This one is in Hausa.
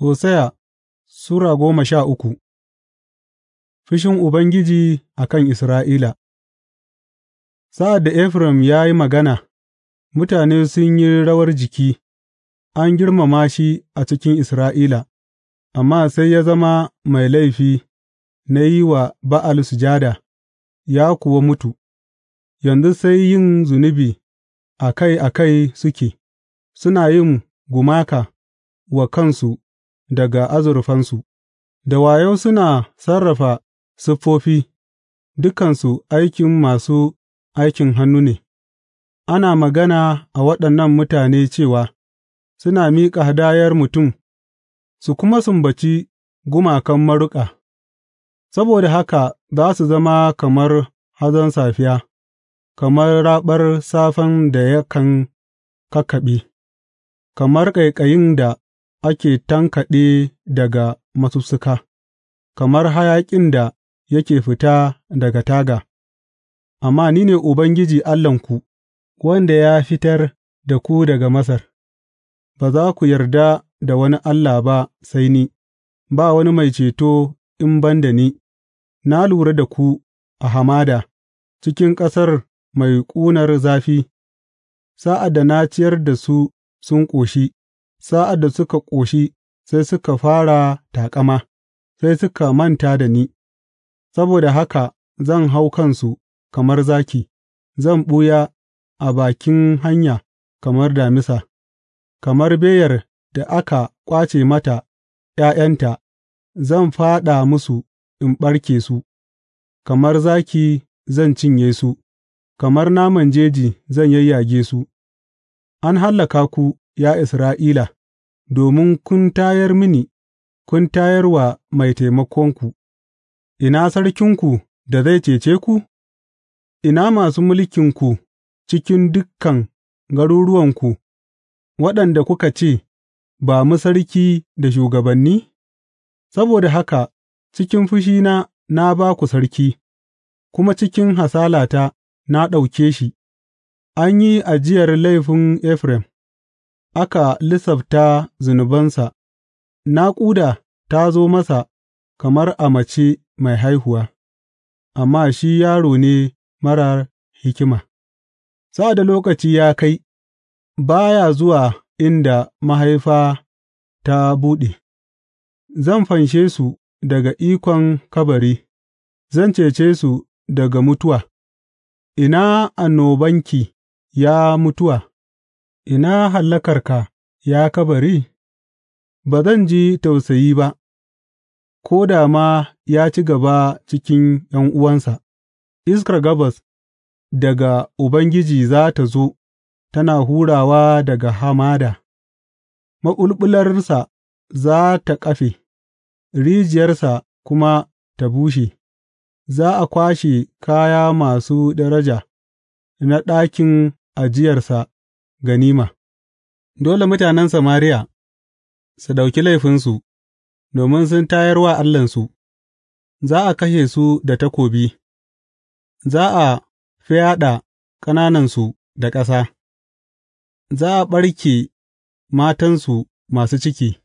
Hosiya Sura goma sha uku Fishin Ubangiji a kan Isra'ila Sa'ad da Efraim ya yi magana, mutane sun yi rawar jiki, an girmama shi a cikin Isra'ila, amma sai ya zama mai laifi na yi wa Ba'al sujada, ya kuwa mutu, yanzu sai yin zunubi a kai a kai suke, suna yin gumaka wa kansu daga azurfansu, da wayo suna sarrafa siffofi, dukansu aikin masu aikin hannu ne, ana magana a waɗannan mutane cewa suna miƙa hadayar mutum su kuma sumbaci gumakan maruƙa, saboda haka za su zama kamar hazon safiya, kamar raɓar safan da yakan kakkaɓe, kamar ƙaiƙayin da ake tankaɗe daga masussuka, kamar hayaƙin da yake fita daga taga, amma ni ne Ubangiji Allahnku, wanda ya fitar da ku daga Masar, ba za ku yarda da wani Allah ba sai ni, ba wani mai ceto in ban da ni, na lura da ku a hamada, cikin ƙasar mai ƙunar zafi, sa'ad da na ciyar da su sun ƙoshi. Sa'ad da suka ƙoshi, sai suka fara taƙama; sai suka manta da ni, saboda haka zan hau kansu kamar zaki, zan ɓuya a bakin hanya kamar damisa, kamar beyar da aka ƙwace mata ’ya'yanta, zan fāɗa musu in ɓarke su, kamar zaki zan cinye su, kamar naman jeji zan yayyage su; an hallaka ku. ya Isra'ila, domin kun tayar mini, kun tayar wa mai taimakonku, ina sarkinku da zai cece ku, ina masu mulkinku cikin dukan garuruwanku, waɗanda kuka ce, Ba mu sarki da shugabanni? Saboda haka cikin fushina na ba ku sarki, kuma cikin hasalata na ɗauke shi, an yi ajiyar laifin Efraim. aka lissafta zunubansa, naƙuda ta zo masa kamar a mace mai haihuwa, amma shi yaro ne marar hikima; sa'ad da lokaci ya kai, ba ya zuwa inda mahaifa ta buɗe, zan fanshe su daga ikon kabari, zan cece su daga mutuwa Ina annobanki, ya mutuwa! Ina hallakarka, ya kabari, ba zan ji tausayi ba, ko da ma ya ci gaba cikin ’yan'uwansa; iskar gabas daga Ubangiji za ta zo tana hurawa daga hamada, maƙulɓularsa za ta ƙafe, rijiyarsa kuma ta bushe; za a kwashe kaya masu daraja na ɗakin ajiyarsa. ganima Dole mutanen Samariya su ɗauki laifinsu, domin sun tayar wa Allahnsu, za a kashe su da takobi, za a fyaɗa ƙananansu da ƙasa, za a ɓarke matansu masu ciki.